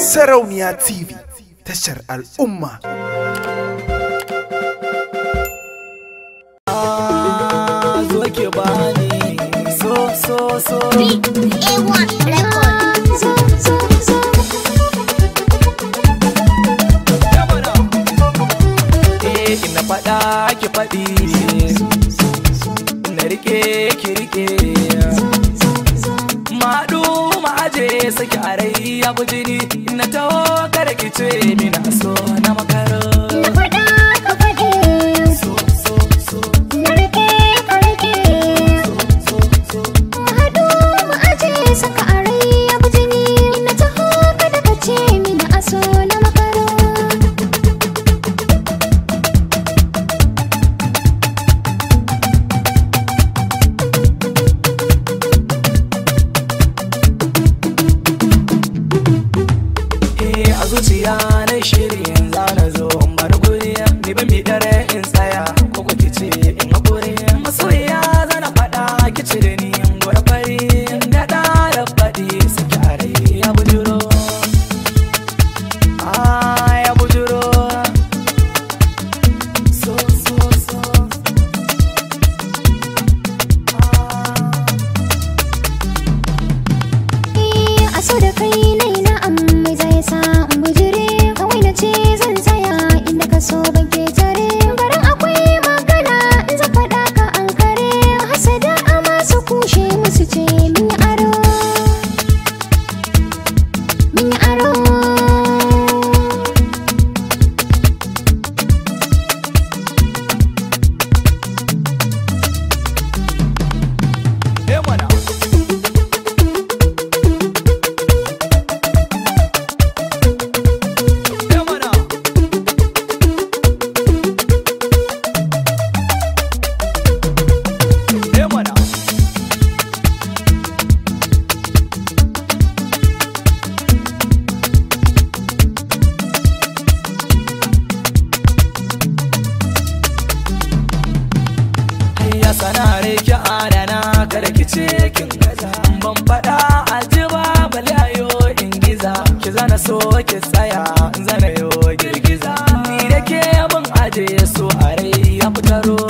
Sarauniya TV tashar al'umma. Zo ke bani so so so. Ina faɗa ki faɗi, na rike ki rike. Maɗu ma'aje saki a rai ya bujini. 最美的那首。zuciya na shirin zana zo bar guriya ni dare I don't sai adana karki ce kin gaza ban faɗa ajiba bale ayo in giza ki zana so ki tsaya zana yo girgiza ni da ke abin aje so a rai ya fitaro